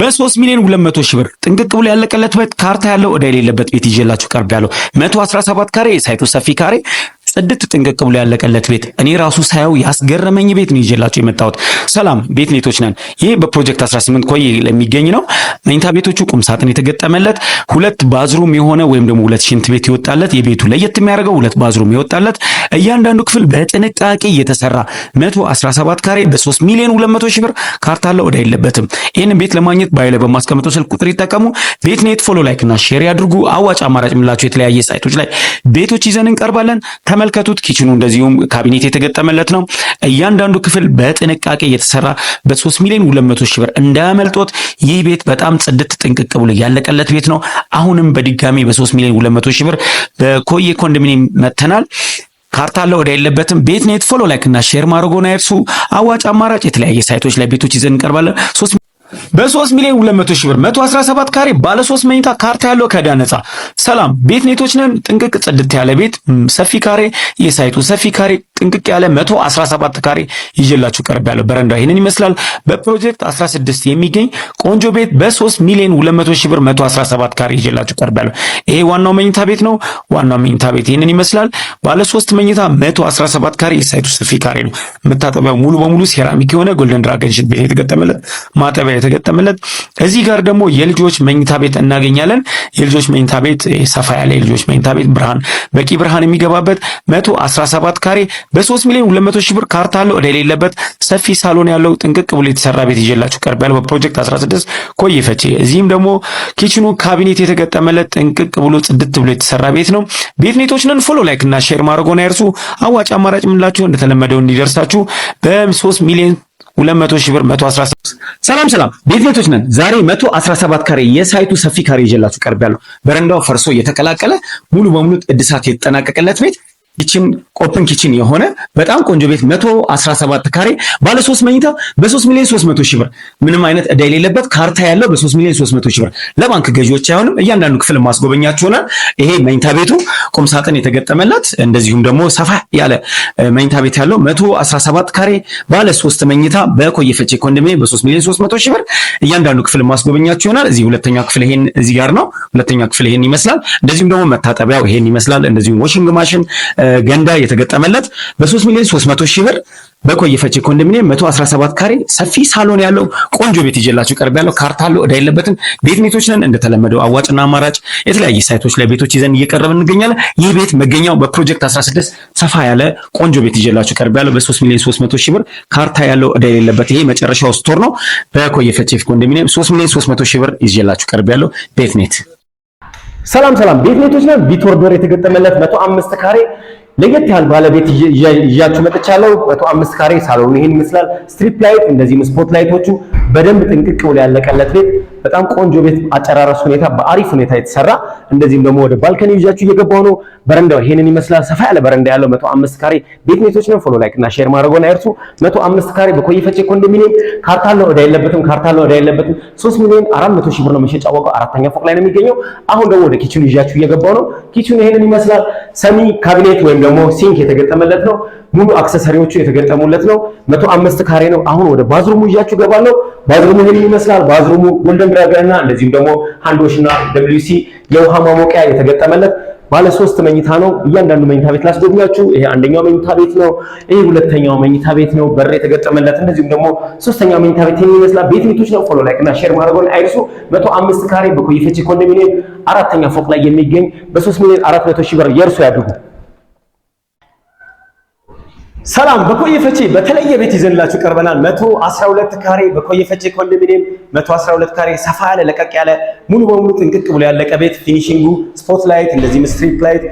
በሶስት ሚሊዮን ሁለት መቶ ሺህ ብር ጥንቅቅ ብሎ ያለቀለት ቤት ካርታ ያለው ዕዳ የሌለበት ቤት ይዤላችሁ ቀርብ ያለው መቶ አስራ ሰባት ካሬ ሳይቱ ሰፊ ካሬ ጽድት ጥንቅቅ ብሎ ያለቀለት ቤት እኔ ራሱ ሳየው ያስገረመኝ ቤት ነው ይዤላቸው የመጣሁት። ሰላም ቤት ኔቶች ነን። ይህ በፕሮጀክት 18 ኮይ ለሚገኝ ነው። መኝታ ቤቶቹ ቁም ሳጥን የተገጠመለት ሁለት ባዝሩም የሆነ ወይም ደግሞ ሁለት ሽንት ቤት ይወጣለት። የቤቱ ለየት የሚያደርገው ሁለት ባዝሩም ይወጣለት። እያንዳንዱ ክፍል በጥንቃቄ እየተሰራ 117 ካሬ በ3 ሚሊዮን 200 ሺህ ብር ካርታ አለው። ዕዳ የለበትም። ይህን ቤት ለማግኘት ባዩ ላይ በማስቀመጠው ስልክ ቁጥር ይጠቀሙ። ቤት ኔት ፎሎ፣ ላይክ እና ሼር ያድርጉ። አዋጭ አማራጭ ምላቸው የተለያየ ሳይቶች ላይ ቤቶች ይዘን እንቀርባለን። ተመልከቱት። ኪችኑ እንደዚሁም ካቢኔት የተገጠመለት ነው። እያንዳንዱ ክፍል በጥንቃቄ እየተሰራ በ3 ሚሊዮን 200 ሺህ ብር እንዳያመልጦት። ይህ ቤት በጣም ጽድት ጥንቅቅ ብሎ ያለቀለት ቤት ነው። አሁንም በድጋሚ በ3 ሚሊዮን 200 ሺህ ብር በኮዬ ኮንዶሚኒየም መጥተናል። ካርታ አለ ወደ የለበትም ቤት ኔት ፎሎ ላይክ እና ሼር ማድረጎን አይርሱ። አዋጭ አማራጭ የተለያየ ሳይቶች ላይ ቤቶች ይዘን እንቀርባለን። በ3 ሚሊዮን 200 ሺህ ብር 117 ካሬ ባለ 3 መኝታ ካርታ ያለው ከዕዳ ነፃ። ሰላም ቤት ኔቶች ነን። ጥንቅቅ ጽድት ያለ ቤት፣ ሰፊ ካሬ፣ የሳይቱ ሰፊ ካሬ ጥንቅቅ ያለ 117 ካሬ ይዤላችሁ ያለው በረንዳ ይህንን ይመስላል። በፕሮጀክት 16 የሚገኝ ቆንጆ ቤት በ3 ሚሊዮን 200 ሺህ ብር 117 ካሬ ይዤላችሁ ያለው ይሄ ዋናው መኝታ ቤት ነው። ዋናው መኝታ ቤት ይህንን ይመስላል። ባለ 3 መኝታ 117 ካሬ የሳይቱ ሰፊ ካሬ ነው። መታጠቢያው ሙሉ በሙሉ ሴራሚክ የሆነ ጎልደን ድራገን ሽንት ቤት የተገጠመለት ማጠቢያ የተገጠመለት። እዚህ ጋር ደግሞ የልጆች መኝታ ቤት እናገኛለን። የልጆች መኝታ ቤት ሰፋ ያለ የልጆች መኝታ ቤት ብርሃን በቂ ብርሃን የሚገባበት 117 ካሬ በ3 ሚሊዮን 200 ሺህ ብር ካርታ አለው እዳ የሌለበት ሰፊ ሳሎን ያለው ጥንቅቅ ብሎ የተሰራ ቤት ይዤላችሁ ቀርቤያለሁ። በፕሮጀክት 16 ኮይ ፈጬ። እዚህም ደግሞ ኪችኑ ካቢኔት የተገጠመለት ጥንቅቅ ብሎ ጽድት ብሎ የተሰራ ቤት ነው። ቤት ኔቶችንን ፎሎ ላይክ እና ሼር ማድረጎን አይርሱ። አዋጭ አማራጭ የምንላችሁ እንደተለመደው እንዲደርሳችሁ በ3 ሚሊዮን 200 ሺህ ብር 117 ሰላም ሰላም ቤት ቤቶች ነን። ዛሬ 117 ካሬ የሳይቱ ሰፊ ካሬ ይዤላችሁ ቀርቤያለሁ። በረንዳው ፈርሶ እየተቀላቀለ ሙሉ በሙሉ እድሳት የተጠናቀቀለት ቤት ኪችን ኦፕን ኪችን የሆነ በጣም ቆንጆ ቤት 117 ካሬ ባለ 3 መኝታ በ3 ሚሊዮን 300 ሺህ ብር ምንም አይነት እዳ የሌለበት ካርታ ያለው በ3 ሚሊዮን 300 ሺህ ብር ለባንክ ገዢዎች አይሆንም። እያንዳንዱ ክፍል ማስጎበኛችሁ ይሆናል። ይሄ መኝታ ቤቱ ቁም ሳጥን የተገጠመላት እንደዚሁም ደግሞ ሰፋ ያለ መኝታ ቤት ያለው 117 ካሬ ባለ 3 መኝታ በኮየ ፈጬ ኮንዶሚኒየም በ3 ሚሊዮን 300 ሺህ ብር እያንዳንዱ ክፍል ማስጎበኛችሁ ይሆናል። እዚህ ሁለተኛ ክፍል ይሄን እዚህ ጋር ነው። ሁለተኛ ክፍል ይሄን ይመስላል። እንደዚሁም ደግሞ መታጠቢያው ይሄን ይመስላል። እንደዚሁም ዋሽንግ ማሽን ገንዳ የተገጠመለት በ3 ሚሊዮን 300 ሺህ ብር በቆየ ፈጭ ኮንዶሚኒየም 117 ካሬ ሰፊ ሳሎን ያለው ቆንጆ ቤት ይዤላችሁ ቀርብ ያለው ካርታ አለው። እዳ የለበትም። ቤት ቤቶች ነን። እንደተለመደው አዋጭና አማራጭ የተለያየ ሳይቶች ላይ ቤቶች ይዘን እየቀረብ እንገኛለን። ይህ ቤት መገኛው በፕሮጀክት 16 ሰፋ ያለ ቆንጆ ቤት ይዤላችሁ ቀርብ ያለው በ3 ሚሊዮን 300 ሺህ ብር ካርታ ያለው እዳ የሌለበት ይሄ መጨረሻው ስቶር ነው። በቆየ ፈጭ ኮንዶሚኒየም 3 ሚሊዮን 300 ሺህ ብር ይዤላችሁ ቀርብ ያለው ቤት ኔት ሰላም ሰላም ቤት ኔቶች ነን። ቢትወርዶር የተገጠመለት መቶ አምስት ካሬ ለየት ያህል ባለቤት ይዣችሁ መጥቻለሁ። መቶ አምስት ካሬ ሳሎኑ ይሄን ይመስላል። ስትሪፕ ላይት እንደዚህም ስፖት ላይቶቹ በደንብ ጥንቅቅ ብሎ ያለቀለት ቤት በጣም ቆንጆ ቤት አጨራረስ ሁኔታ በአሪፍ ሁኔታ የተሰራ እንደዚህም ደግሞ ወደ ባልከኒ ይዣችሁ እየገባው ነው። በረንዳው ይሄንን ይመስላል። ሰፋ ያለ በረንዳ ያለው 105 ካሬ ቤት ቤቶች ነው። ፎሎ ላይክ እና ሼር ማድረጎን አይርሱ። 105 ካሬ በኮዬ ፈጬ ኮንዶሚኒየም ካርታ አለው ወደ የለበትም። ካርታ አለው ወደ የለበትም። 3 ሚሊዮን 400 ሺህ ብር ነው መሸጫ ዋጋው። አራተኛ ፎቅ ላይ ነው የሚገኘው። አሁን ደግሞ ወደ ኪችኑ ይዣችሁ እየገባው ነው። ኪችኑ ይሄንን ይመስላል። ሰሚ ካቢኔት ወይም ደግሞ ሲንክ የተገጠመለት ነው። ሙሉ አክሰሰሪዎቹ የተገጠሙለት ነው። 105 ካሬ ነው። አሁን ወደ ባዝሩሙ ይዣችሁ ገባለሁ። ባዝሩሙ ይሄንን ይመስላል። ባዝሩሙ ጎልደን ሰንግረገርና እንደዚሁም ደግሞ ሃንዶሽና ደብሊዩሲ የውሃ ማሞቂያ የተገጠመለት ባለ ሶስት መኝታ ነው። እያንዳንዱ መኝታ ቤት ላስጎብኛችሁ። ይሄ አንደኛው መኝታ ቤት ነው። ይሄ ሁለተኛው መኝታ ቤት ነው፣ በር የተገጠመለት እንደዚሁም ደግሞ ሶስተኛው መኝታ ቤት የሚመስላ ቤት ቤቶች ነው። ፎሎ ላይክ እና ሼር ማድረጉን አይርሱ። 105 ካሬ በኮይፈቺ ኮንዶሚኒየም አራተኛ ፎቅ ላይ የሚገኝ በ3 ሚሊዮን 400 ሺህ ብር የእርሱ ያድርጉ። ሰላም በኮየ ፈቼ በተለየ ቤት ይዘንላችሁ ቀርበናል። 112 ካሬ በኮየ ፈጬ ኮንዶሚኒየም 112 ካሬ ሰፋ ያለ ለቀቅ ያለ ሙሉ በሙሉ ጥንቅቅ ብሎ ያለቀ ቤት ፊኒሺንጉ ስፖት ላይት እንደዚህ ስትሪት ላይት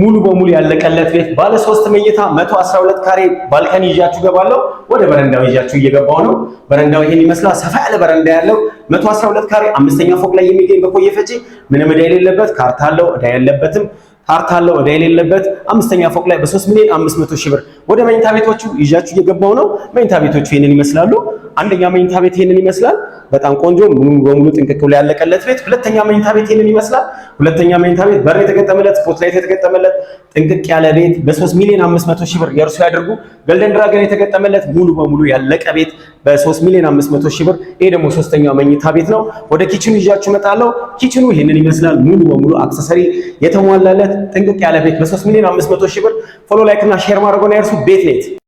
ሙሉ በሙሉ ያለቀለት ቤት ባለ 3 መኝታ 112 ካሬ ባልከኒ ይዣችሁ ገባለሁ። ወደ በረንዳው ይዣችሁ እየገባው ነው። በረንዳው ይሄን ይመስላል። ሰፋ ያለ በረንዳ ያለው 112 ካሬ አምስተኛ ፎቅ ላይ የሚገኝ በኮየ ፈጬ ምንም ዕዳ የሌለበት ካርታ አለው። ዕዳ ያለበትም ሀርት አለው ወደ የሌለበት አምስተኛ ፎቅ ላይ በ3 ሚሊዮን 500 ሺህ ብር ወደ መኝታ ቤቶቹ ይዣችሁ እየገባው ነው። መኝታ ቤቶቹ ይህንን ይመስላሉ። አንደኛ መኝታ ቤት ይሄንን ይመስላል። በጣም ቆንጆ ሙሉ በሙሉ ጥንቅቅ ብሎ ያለቀለት ቤት። ሁለተኛ መኝታ ቤት ይሄንን ይመስላል። ሁለተኛ መኝታ ቤት በር የተገጠመለት ስፖትላይት የተገጠመለት ጥንቅቅ ያለ ቤት በ3 ሚሊዮን 500 ሺህ ብር የእርሱ ያድርጉ። ጎልደን ድራገን የተገጠመለት ሙሉ በሙሉ ያለቀ ቤት በ3 ሚሊዮን 500 ሺህ ብር። ይሄ ደግሞ ሶስተኛው መኝታ ቤት ነው። ወደ ኪችኑ ይዣችሁ እመጣለሁ። ኪችኑ ይሄንን ይመስላል። ሙሉ በሙሉ አክሰሰሪ የተሟላለት ጥንቅቅ ያለ ቤት በ3 ሚሊዮን 500 ሺህ ብር። ፎሎ ላይክ እና ሼር ማድረጉን አይርሱ። ቤት ኔት